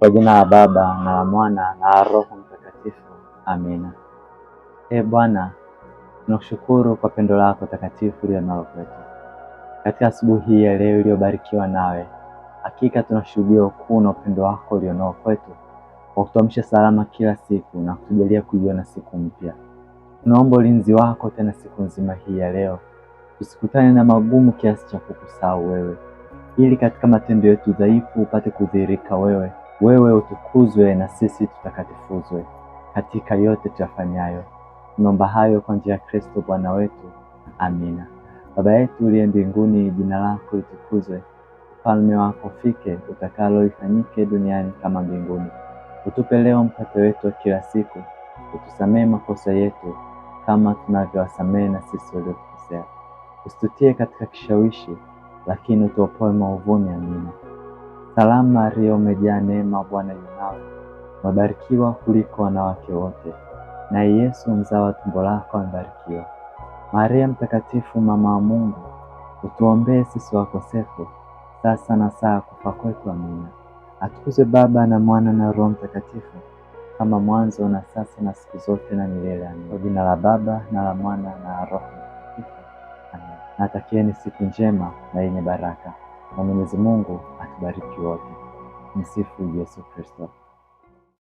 Kwa jina la Baba na la Mwana na la Roho Mtakatifu, amina. E Bwana, tunakushukuru kwa pendo lako takatifu ulionalo kwetu katika asubuhi hii ya leo iliyobarikiwa nawe. Hakika tunashuhudia ukuu na upendo wako ulionao kwetu kwa kutuamsha salama kila siku na kutujalia kuiona siku mpya. Tunaomba ulinzi wako tena siku nzima hii ya leo, tusikutane na magumu kiasi cha kukusahau wewe, ili katika matendo yetu dhaifu upate kudhihirika wewe wewe utukuzwe na sisi tutakatifuzwe katika yote tuyafanyayo. Tunaomba hayo kwa njia ya Kristo Bwana wetu, amina. Baba yetu uliye mbinguni, jina lako litukuzwe, ufalme wako ufike, utakalo lifanyike duniani kama mbinguni. Utupe leo mkate wetu wa kila siku, utusamehe makosa yetu kama tunavyowasamee na sisi waliotukosea, usitutie katika kishawishi, lakini utuopoe maovuni. Amina. Salamu Maria, umejaa neema, Bwana yu nawe, umebarikiwa kuliko wanawake wote, naye Yesu mzao wa tumbo lako amebarikiwa. Maria Mtakatifu, mama wa Mungu, utuombee sisi wakosefu, sasa na saa kufa kwetu. Amina. Atukuzwe Baba na Mwana na Roho Mtakatifu, kama mwanzo na sasa na siku zote na milele. Amina. Kwa jina la Baba na la Mwana na Roho Mtakatifu. Amina. Natakieni siku njema na yenye baraka. Na Mwenyezi Mungu atubariki wote. Msifu Yesu Kristo.